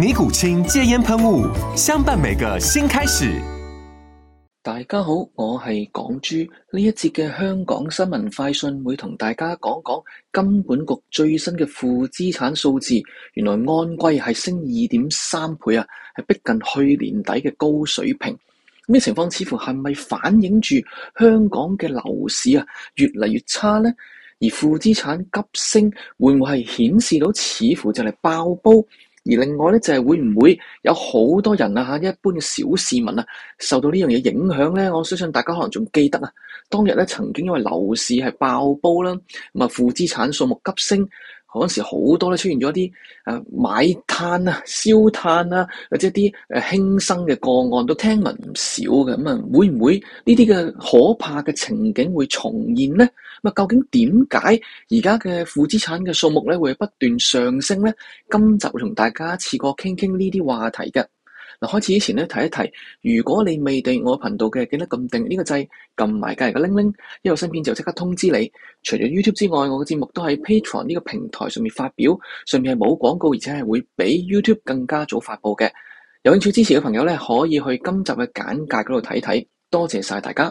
尼古清戒煙噴霧，相伴每個新開始。大家好，我係港豬。呢一節嘅香港新聞快訊會同大家講講金管局最新嘅負資產數字。原來按季係升二點三倍啊，係逼近去年底嘅高水平。咁情況似乎係咪反映住香港嘅樓市啊越嚟越差呢？而負資產急升，會唔會係顯示到似乎就嚟爆煲？而另外咧，就係會唔會有好多人啊？嚇，一般嘅小市民啊，受到呢樣嘢影響咧？我相信大家可能仲記得啊，當日咧曾經因為樓市係爆煲啦，咁啊負資產數目急升。嗰陣時好多都出現咗啲誒買炭啊、燒炭啦、啊，或者啲誒、啊、輕生嘅個案都聽聞唔少嘅，咁、嗯、啊會唔會呢啲嘅可怕嘅情景會重現咧？咁、嗯、啊究竟點解而家嘅負資產嘅數目咧會不斷上升咧？今集同大家一次過傾傾呢啲話題嘅。嗱，開始之前咧，提一提，如果你未訂閱我頻道嘅記得撳定呢個掣，撳埋隔離嘅鈴鈴，一有新片就即刻通知你。除咗 YouTube 之外，我嘅節目都喺 Patreon 呢個平台上面發表，上面係冇廣告，而且係會比 YouTube 更加早發布嘅。有興趣支持嘅朋友呢，可以去今集嘅簡介嗰度睇睇。多謝曬大家。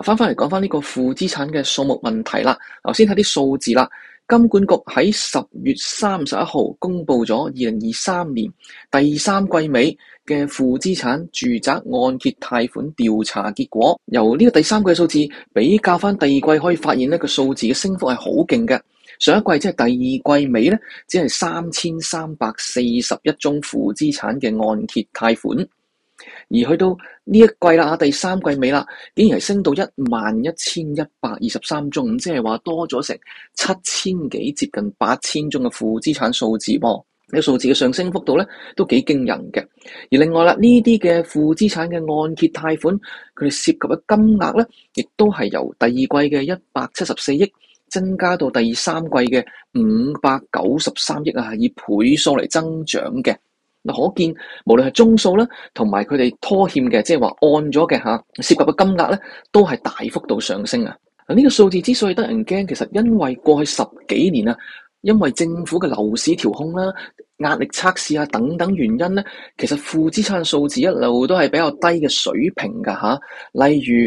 嗱，翻返嚟講翻呢個負資產嘅數目問題啦。首先睇啲數字啦。金管局喺十月三十一號公布咗二零二三年第三季尾嘅負資產住宅按揭貸款調查結果，由呢個第三季嘅數字比較翻第二季，可以發現呢個數字嘅升幅係好勁嘅。上一季即係第二季尾咧，只係三千三百四十一宗負資產嘅按揭貸款。而去到呢一季啦，第三季尾啦，竟然係升到一萬一千一百二十三宗，即係話多咗成七千幾，接近八千宗嘅負資產數字噃。呢、哦呢個數字嘅上升幅度咧都幾驚人嘅。而另外啦，呢啲嘅負資產嘅按揭貸款，佢哋涉及嘅金額咧，亦都係由第二季嘅一百七十四億，增加到第三季嘅五百九十三億啊，以倍數嚟增長嘅。可見無論係宗數啦，同埋佢哋拖欠嘅，即係話按咗嘅嚇，涉及嘅金額咧，都係大幅度上升啊！呢個數字之所以得人驚，其實因為過去十幾年啊，因為政府嘅樓市調控啦、壓力測試啊等等原因咧，其實負資產數字一路都係比較低嘅水平㗎嚇。例如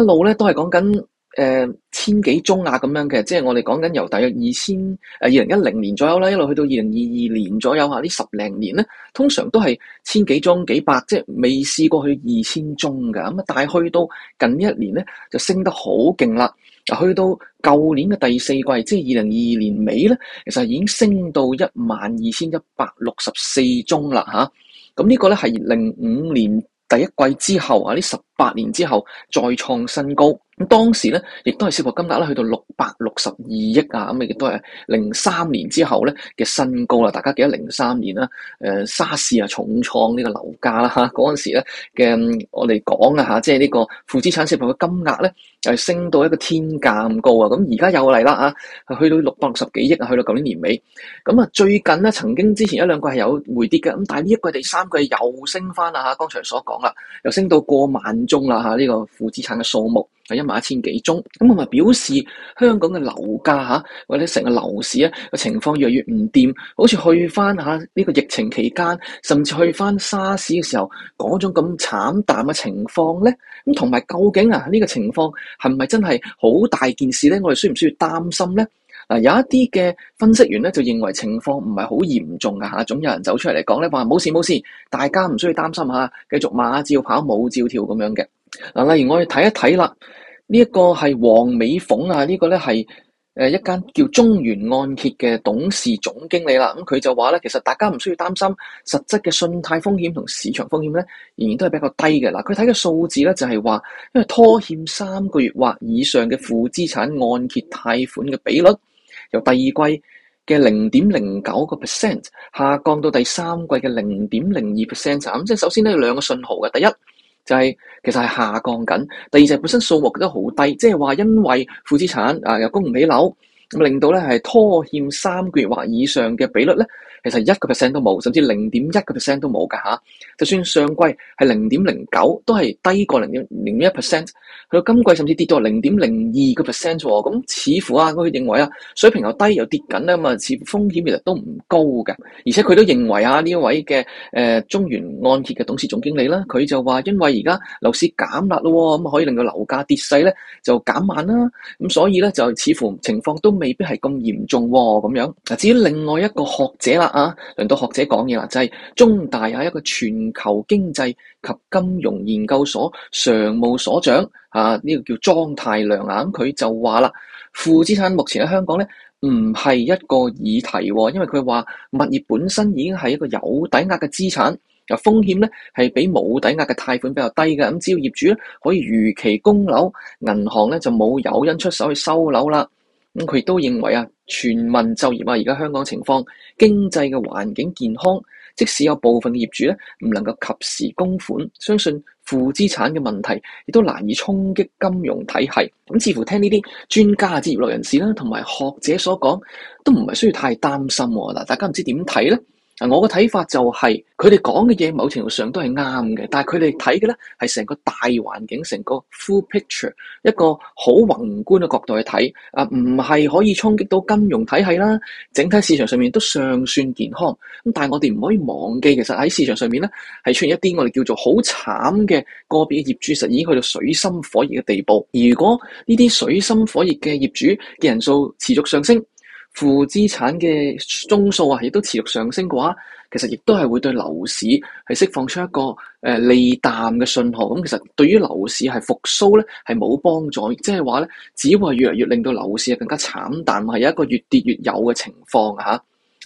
一路咧都係講緊誒，呃千幾宗啊咁樣嘅，即係我哋講緊由大約二千誒二零一零年左右啦，一路去到二零二二年左右下，十呢十零年咧，通常都係千幾宗幾百，即係未試過去二千宗嘅咁啊！但係去到近一年咧，就升得好勁啦，去到舊年嘅第四季，即係二零二二年尾咧，其實已經升到一萬二千一百六十四宗啦吓，咁、啊這個、呢個咧係零五年第一季之後啊，呢十八年之後再創新高。咁當時咧，亦都係涉及金額啦，去到六百六十二億啊！咁亦都係零三年之後咧嘅新高啦。大家記得零三年啦，誒、呃、沙士啊重創個啊呢個樓價啦嚇，嗰陣時咧嘅我哋講啊嚇，即係呢個負資產涉及嘅金額咧，係升到一個天價咁高啊！咁而家又嚟啦啊，去到六百六十幾億啊，去到舊年年尾。咁啊，最近咧曾經之前一兩個係有回跌嘅，咁但係呢一個第三個又升翻啦嚇，剛、啊、才所講啦，又升到過萬宗啦嚇，呢、啊這個負資產嘅數目。一萬一千幾宗，咁我咪表示香港嘅樓價嚇，或者成個樓市咧個情況越嚟越唔掂，好似去翻下呢個疫情期間，甚至去翻沙士嘅時候嗰種咁慘淡嘅情況咧，咁同埋究竟啊呢、這個情況係咪真係好大件事咧？我哋需唔需要擔心咧？嗱、呃，有一啲嘅分析員咧就認為情況唔係好嚴重嘅嚇，總有人走出嚟嚟講咧話冇事冇事，大家唔需要擔心嚇，繼續馬照跑，舞照跳咁樣嘅。嗱，例如我哋睇一睇啦，呢、這個這個、一個係黃美鳳啊，呢個咧係誒一間叫中原按揭嘅董事總經理啦。咁、嗯、佢就話咧，其實大家唔需要擔心實質嘅信貸風險同市場風險咧，仍然都係比較低嘅。嗱，佢睇嘅數字咧就係、是、話，因為拖欠三個月或以上嘅負資產按揭貸款嘅比率，由第二季嘅零點零九個 percent 下降到第三季嘅零點零二 percent。咁、嗯、即係首先呢，要兩個信號嘅第一。就係、是、其實係下降緊，第二就係本身數目都好低，即係話因為負資產啊，又、呃、供唔起樓，令到呢係拖欠三個月或以上嘅比率咧。其實一個 percent 都冇，甚至零點一個 percent 都冇㗎吓。就算上季係零點零九，都係低過零點零一 percent。去到今季甚至跌到零點零二個 percent。咁似乎啊，佢認為啊，水平又低又跌緊咧，嘛、嗯，似乎風險其實都唔高嘅。而且佢都認為啊，呢一位嘅誒、呃、中原按揭嘅董事總經理啦，佢就話因為而家樓市減壓咯，咁、嗯、啊可以令到樓價跌勢咧就減慢啦。咁、嗯、所以咧就似乎情況都未必係咁嚴重喎，咁、哦、樣。至於另外一個學者啦。啊，輪到學者講嘢啦，就係、是、中大有一個全球經濟及金融研究所常務所長啊，呢、這個叫莊太良啊，咁佢就話啦，負資產目前喺香港咧唔係一個議題、喎，因為佢話物業本身已經係一個有抵押嘅資產，啊風險咧係比冇抵押嘅貸款比較低嘅，咁、啊、只要業主咧可以如期供樓，銀行咧就冇誘因出手去收樓啦。咁佢都認為啊，全民就業啊，而家香港情況經濟嘅環境健康，即使有部分嘅業主咧唔能夠及時供款，相信負資產嘅問題亦都難以衝擊金融體系。咁似乎聽呢啲專家啊、業內人士啦、同埋學者所講，都唔係需要太擔心喎。嗱，大家唔知點睇咧？我嘅睇法就係佢哋講嘅嘢，某程度上都係啱嘅。但係佢哋睇嘅呢，係成個大環境，成個 full picture，一個好宏觀嘅角度去睇。啊，唔係可以衝擊到金融體系啦。整體市場上面都尚算健康。但係我哋唔可以忘記，其實喺市場上面呢係出現一啲我哋叫做好慘嘅個別業主，實已經去到水深火熱嘅地步。如果呢啲水深火熱嘅業主嘅人數持續上升，負資產嘅宗數啊，亦都持續上升嘅話，其實亦都係會對樓市係釋放出一個、呃、利淡嘅信號。咁、嗯、其實對於樓市係復甦呢，係冇幫助，即係話呢，只會係越嚟越令到樓市係更加慘淡，係一個越跌越有嘅情況嚇。嗱、啊，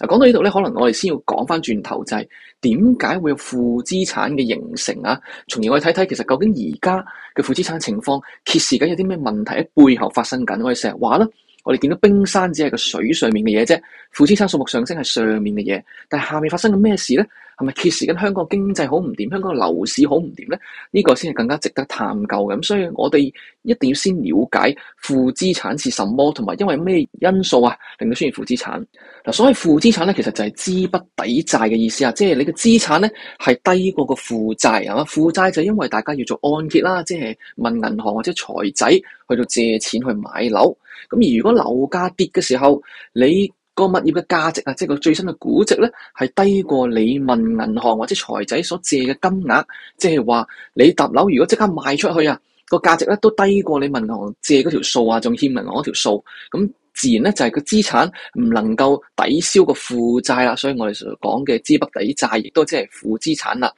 講、啊、到呢度呢，可能我哋先要講返轉頭、就係，就係點解會有負資產嘅形成啊？從而我哋睇睇，其實究竟而家嘅負資產情況揭示緊有啲咩問題喺背後發生緊？我哋成日話啦。我哋見到冰山只係個水上面嘅嘢啫，負資產數目上升係上面嘅嘢，但係下面發生緊咩事呢？係咪揭示緊香港經濟好唔掂，香港樓市好唔掂呢？呢個先係更加值得探究嘅。咁所以我哋，一定要先了解負資產是什麼，同埋因為咩因素啊，令到出現負資產？嗱，所謂負資產咧，其實就係資不抵債嘅意思啊，即係你嘅資產咧係低過個負債啊嘛。負債就係因為大家要做按揭啦，即係問銀行或者財仔去到借錢去買樓。咁而如果樓價跌嘅時候，你個物業嘅價值啊，即係個最新嘅估值咧，係低過你問銀行或者財仔所借嘅金額，即係話你層樓如果即刻賣出去啊，個價值咧都低過你銀行借嗰條數啊，仲欠銀行嗰條數，咁自然咧就係個資產唔能夠抵消個負債啦，所以我哋所講嘅資不抵債，亦都即係負資產啦。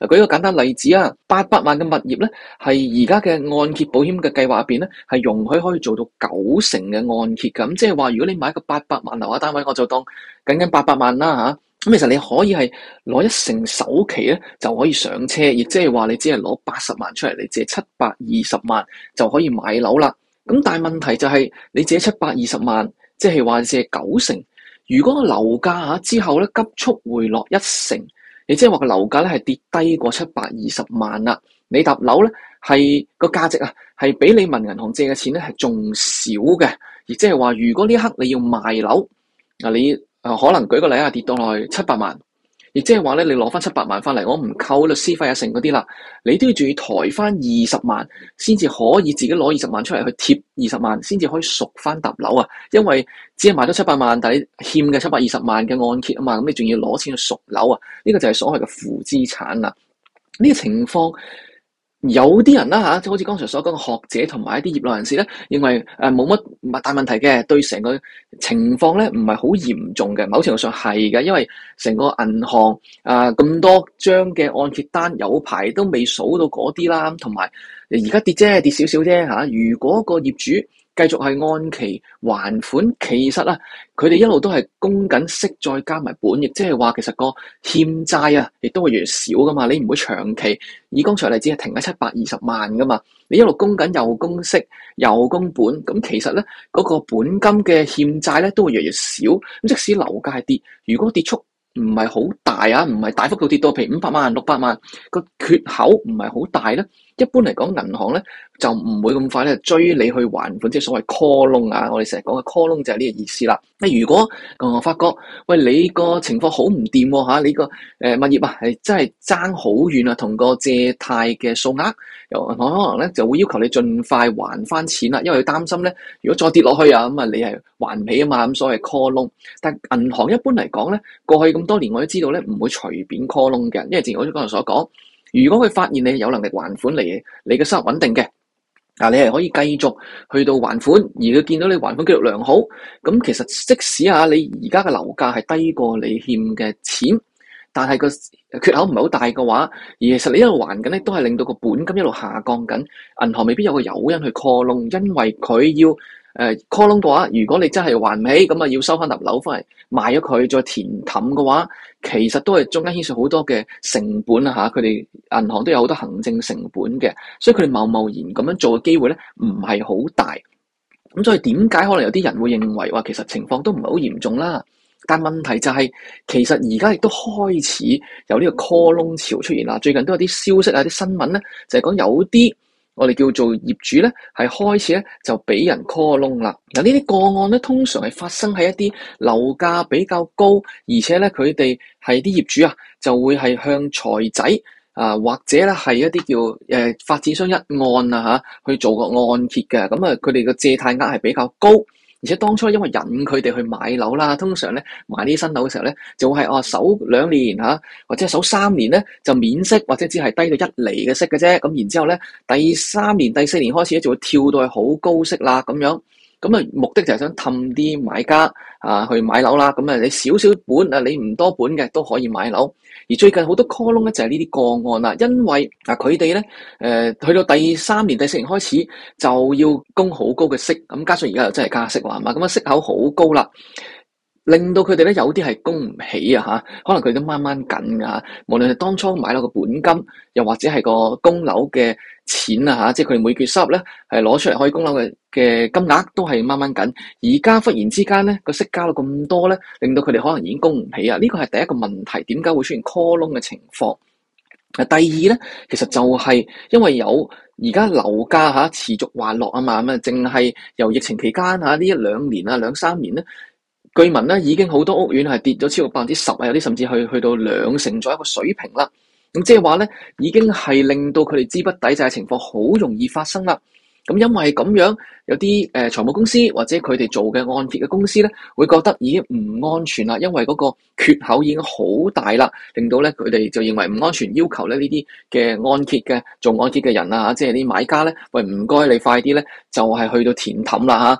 舉一個簡單例子啊，八百萬嘅物業咧，係而家嘅按揭保險嘅計劃入邊咧，係容許可以做到九成嘅按揭噶，咁即係話如果你買一個八百萬樓啊單位，我就當僅僅八百萬啦吓。咁其實你可以係攞一成首期咧就可以上車，亦即係話你只係攞八十萬出嚟你借七百二十萬就可以買樓啦。咁但係問題就係你借七百二十萬，即係話借九成。如果樓價啊之後咧急速回落一成，亦即係話個樓價咧係跌低過七百二十萬啦，你搭樓咧係個價值啊係比你問銀行借嘅錢咧係仲少嘅，亦即係話如果呢一刻你要賣樓啊你。可能舉個例啊，跌到落去七百萬，亦即係話咧，你攞翻七百萬翻嚟，我唔扣律師費啊剩嗰啲啦，你都要仲要抬翻二十萬，先至可以自己攞二十萬出嚟去貼二十萬，先至可以贖翻搭樓啊！因為只係賣咗七百萬但係欠嘅七百二十萬嘅按揭啊嘛，咁、嗯、你仲要攞錢去贖樓啊？呢、這個就係所謂嘅負資產啦、啊，呢、這個情況。有啲人啦嚇，即好似剛才所講嘅學者同埋一啲業內人士咧，認為誒冇乜大問題嘅，對成個情況咧唔係好嚴重嘅。某程度上係嘅，因為成個銀行啊咁，呃，多張嘅按揭單，有排都未數到嗰啲啦，同埋而家跌啫，跌少少啫嚇。如果個業主，繼續係按期還款，其實啊，佢哋一路都係供緊息，再加埋本，亦即係話其實個欠債啊，亦都會越嚟越少噶嘛。你唔會長期，以剛才例子係停喺七百二十萬噶嘛。你一路供緊，又供息，又供本，咁其實咧，嗰個本金嘅欠債咧都會越嚟越少。咁即使樓價係跌，如果跌速唔係好大啊，唔係大幅度跌到譬如五百萬、六百萬，個缺口唔係好大咧。一般嚟講，銀行咧就唔會咁快咧追你去還款，即係所謂 call 窿啊。我哋成日講嘅 call 窿就係呢個意思啦。你如果誒發覺，喂，你個情況好唔掂吓，你個誒、呃、物業啊係真係爭好遠啊，同個借貸嘅數額，由銀行可能咧就會要求你盡快還翻錢啦，因為佢擔心咧，如果再跌落去啊，咁啊你係還唔起啊嘛，咁所謂 call 窿。但銀行一般嚟講咧，過去咁多年我都知道咧，唔會隨便 call 窿嘅，因為正如我剛才所講。如果佢發現你有能力還款嚟，你嘅收入穩定嘅，嗱你係可以繼續去到還款，而佢見到你還款記錄良好，咁其實即使嚇你而家嘅樓價係低過你欠嘅錢，但係個缺口唔係好大嘅話，而其實你一路還緊咧，都係令到個本金一路下降緊，銀行未必有個誘因去擴窿，因為佢要。誒 call 窿嘅話，如果你真係還唔起，咁啊要收翻笪樓翻嚟賣咗佢，再填氹嘅話，其實都係中間牽涉好多嘅成本啊嚇！佢哋銀行都有好多行政成本嘅，所以佢哋貿貿然咁樣做嘅機會咧，唔係好大。咁所以點解可能有啲人會認為話其實情況都唔係好嚴重啦？但問題就係其實而家亦都開始有呢個 call 窿潮出現啦。最近都有啲消息啊，啲新聞咧就係講有啲，我哋叫做業主咧，係開始咧就俾人 call 窿啦。嗱，呢啲個案咧通常係發生喺一啲樓價比較高，而且咧佢哋係啲業主啊，就會係向財仔啊或者咧係一啲叫誒、呃、發展商一按啊吓去做個按揭嘅。咁啊，佢哋嘅借貸額係比較高。而且當初因為引佢哋去買樓啦，通常咧買呢啲新樓嘅時候咧，就會係哦首兩年吓、啊，或者係首三年咧就免息，或者只係低到一厘嘅息嘅啫。咁然之後咧，第三年、第四年開始咧，就會跳到去好高息啦咁樣。咁啊，目的就係想氹啲買家啊去買樓啦。咁、嗯、啊，你少少本啊，你唔多本嘅都可以買樓。而最近好多 call 窿咧就係呢啲個案啦，因為嗱佢哋咧誒去到第三年、第四年開始就要供好高嘅息，咁、啊、加上而家又真係加息啦，係嘛？咁、嗯、啊息口好高啦。令到佢哋咧有啲係供唔起啊！吓，可能佢哋都掹掹緊噶，吓，無論係當初買樓嘅本金，又或者係個供樓嘅錢啊吓，即係佢哋每個月收入咧係攞出嚟可以供樓嘅嘅金額都係掹掹緊。而家忽然之間咧個息加到咁多咧，令到佢哋可能已經供唔起啊！呢個係第一個問題，點解會出現 call 窿嘅情況？啊，第二咧，其實就係因為有而家樓價吓持續滑落啊嘛，咁啊，淨係由疫情期間吓呢一兩年啊兩三年咧，據聞咧，已經好多屋苑係跌咗超過百分之十啊，有啲甚至去去到兩成左右嘅水平啦。咁即係話咧，已經係令到佢哋資不抵債嘅情況好容易發生啦。咁因為咁樣，有啲誒、呃、財務公司或者佢哋做嘅按揭嘅公司咧，會覺得已經唔安全啦，因為嗰個缺口已經好大啦，令到咧佢哋就認為唔安全，要求咧呢啲嘅按揭嘅做按揭嘅人啊，即係啲買家咧，喂唔該你快啲咧，就係、是、去到填氹啦嚇。啊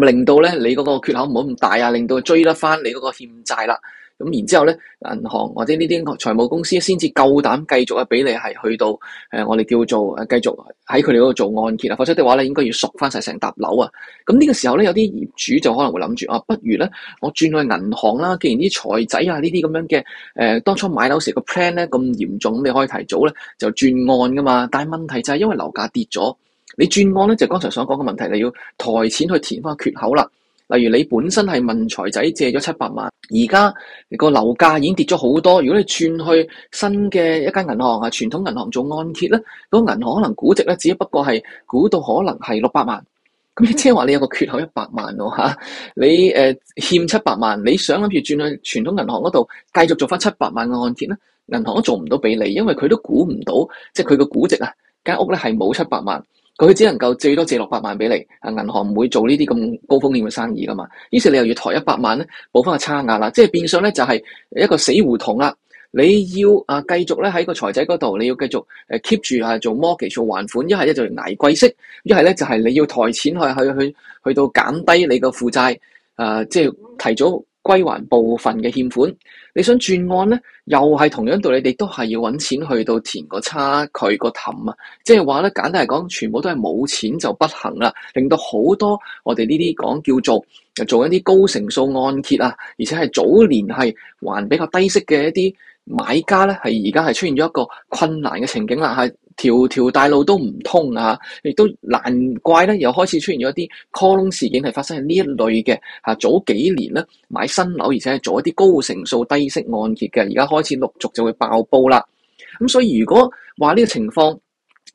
令到咧你嗰個缺口唔好咁大啊，令到追得翻你嗰個欠債啦。咁然之後咧，銀行或者呢啲財務公司先至夠膽繼續啊，俾你係去到誒、呃、我哋叫做誒繼續喺佢哋嗰度做按揭啊。否則的話咧，應該要贖翻晒成沓樓啊。咁、嗯、呢、呢個時候咧，有啲業主就可能會諗住啊，不如咧我轉去銀行啦。既然啲財仔啊呢啲咁樣嘅誒、呃，當初買樓時個 plan 咧咁嚴重，你可以提早咧就轉案噶嘛。但係問題就係因為樓價跌咗。你轉案咧，就剛、是、才所講嘅問題，你要抬錢去填翻缺口啦。例如你本身係問財仔借咗七百萬，而家個樓價已經跌咗好多。如果你轉去新嘅一間銀行啊，傳統銀行做按揭咧，嗰個銀行可能估值咧只不過係估到可能係六百萬。咁你即係話你有個缺口一百萬喎嚇、啊，你誒、呃、欠七百萬，你想諗住轉去傳統銀行嗰度繼續做翻七百萬嘅按揭咧，銀行都做唔到俾你，因為佢都估唔到，即係佢個估值啊間屋咧係冇七百萬。佢只能夠最多借六百萬俾你，啊銀行唔會做呢啲咁高風險嘅生意噶嘛，於是你又要抬一百萬咧補翻個差額啦，即係變相咧就係、是、一個死胡同啦，你要啊繼續咧喺個財仔嗰度，你要繼續 keep 住、啊、做 mortgage 做還款，一係咧就嚟捱貴息，一係咧就係、是、你要抬錢去去去去到減低你個負債，啊即係提早。歸還部分嘅欠款，你想轉案呢？又係同樣道理，你哋都係要揾錢去到填個差距個氹啊。即係話呢，簡單嚟講，全部都係冇錢就不行啦，令到好多我哋呢啲講叫做做一啲高成數按揭啊，而且係早年係還比較低息嘅一啲。買家咧，係而家係出現咗一個困難嘅情景啦，係條條大路都唔通啊，亦都難怪咧，又開始出現咗一啲 call loan 事件係發生喺呢一類嘅，吓、啊、早幾年咧，買新樓而且係做一啲高成數低息按揭嘅，而家開始陸續就會爆煲啦。咁所以如果話呢個情況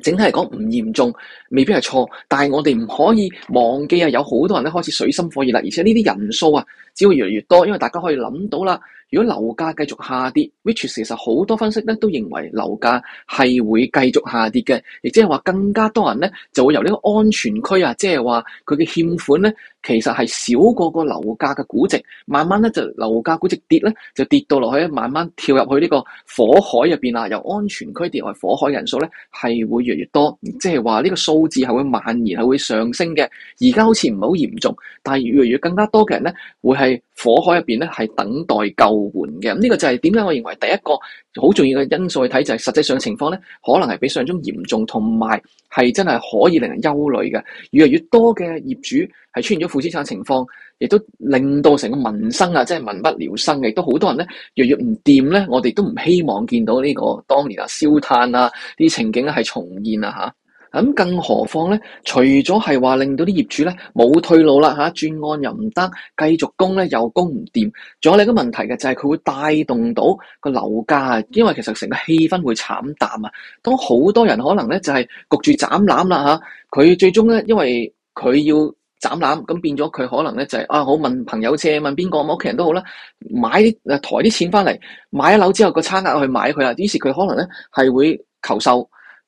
整體嚟講唔嚴重，未必係錯，但係我哋唔可以忘記啊，有好多人咧，開始水深火熱啦，而且呢啲人數啊只會越嚟越多，因為大家可以諗到啦。如果樓價繼續下跌，which 其實好多分析呢都認為樓價係會繼續下跌嘅，亦即係話更加多人呢就會由呢個安全區啊，即係話佢嘅欠款呢，其實係少過個樓價嘅估值，慢慢咧就樓價估值跌咧，就跌到落去，慢慢跳入去呢個火海入邊啊，由安全區跌落去火海人數呢，人數咧係會越嚟越多，即係話呢個數字係會蔓延係會上升嘅。而家好似唔係好嚴重，但係越嚟越更加多嘅人咧，會係火海入邊咧係等待救援嘅。咁、這、呢個就係點解我認為第一個。好重要嘅因素去睇，就係實際上嘅情況呢，可能係比想象中嚴重，同埋係真係可以令人憂慮嘅。越嚟越多嘅業主係出現咗負資產情況，亦都令到成個民生啊，即係民不聊生嘅，亦都好多人咧，越嚟越唔掂呢，我哋都唔希望見到呢個當年啊燒炭啊啲情景係重現啊嚇。啊咁，更何況咧，除咗係話令到啲業主咧冇退路啦嚇、啊，轉按又唔得，繼續供咧又供唔掂，仲有另一個問題嘅就係、是、佢會帶動到個樓價啊，因為其實成個氣氛會慘淡啊。當好多人可能咧就係焗住斬纜啦嚇，佢、啊、最終咧因為佢要斬纜，咁變咗佢可能咧就係、是、啊，好問朋友借，問邊個屋企人都好啦，買啲抬啲錢翻嚟，買一樓之後個差額去買佢啊，於是佢可能咧係會求售。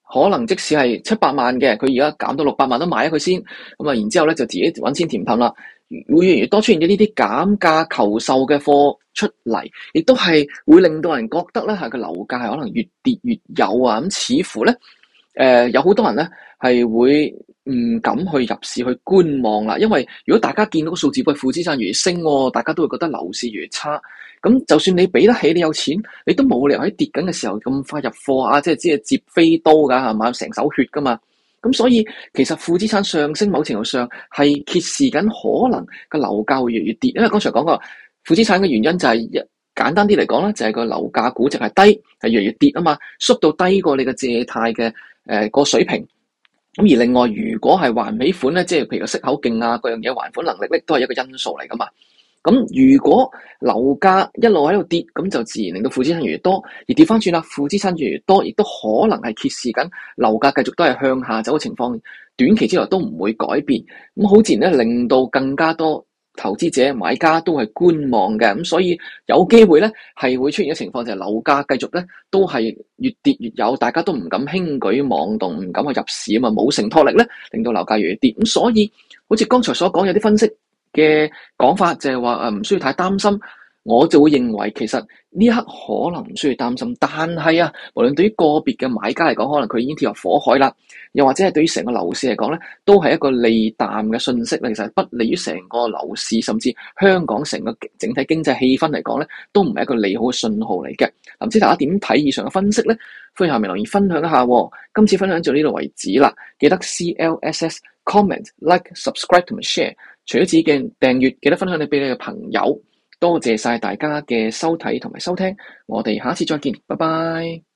可能即使係七百萬嘅，佢而家減到六百萬都賣咗佢先咁啊，然之後咧就自己揾錢填氹啦。會越嚟越多出現咗呢啲減價求售嘅貨出嚟，亦都係會令到人覺得咧，係個樓價可能越跌越有啊！咁似乎咧。誒、呃，有好多人咧係會唔敢去入市去觀望啦，因為如果大家見到個數字股負資產越、越升，大家都會覺得樓市越、越差。咁就算你俾得起，你有錢，你都冇理由喺跌緊嘅時候咁快入貨啊！即係只係接飛刀噶，係咪？成手血噶嘛。咁所以其實負資產上升，某程度上係揭示緊可能個樓價會越嚟越跌，因為剛才講過負資產嘅原因就係、是、一簡單啲嚟講咧，就係個樓價估值係低，係越嚟越跌啊嘛，縮到低過你嘅借貸嘅。誒個水平，咁而另外，如果係還唔起款咧，即係譬如個息口徑啊，各樣嘢還款能力咧，都係一個因素嚟噶嘛。咁如果樓價一路喺度跌，咁就自然令到負資產越嚟越多，而跌翻轉啦，負資產越嚟越多，亦都可能係揭示緊樓價繼續都係向下走嘅情況，短期之內都唔會改變。咁好自然咧，令到更加多。投資者買家都係觀望嘅，咁所以有機會咧係會出現嘅情況，就係樓價繼續咧都係越跌越有，大家都唔敢輕舉妄動，唔敢去入市啊嘛，冇承托力咧，令到樓價越跌。咁所以好似剛才所講，有啲分析嘅講法就係話誒唔需要太擔心。我就會認為其實呢刻可能唔需要擔心，但係啊，無論對於個別嘅買家嚟講，可能佢已經跳入火海啦，又或者係對於成個樓市嚟講呢都係一個利淡嘅訊息，其實不利於成個樓市，甚至香港成個整體經濟氣氛嚟講呢都唔係一個利好嘅信號嚟嘅。唔知大家點睇以上嘅分析呢？歡迎下面留言分享一下，哦。今次分享就呢度為止啦。記得 CLSS comment like subscribe to share。除咗自己嘅訂閱，記得分享給你俾你嘅朋友。多謝曬大家嘅收睇同埋收聽，我哋下次再見，拜拜。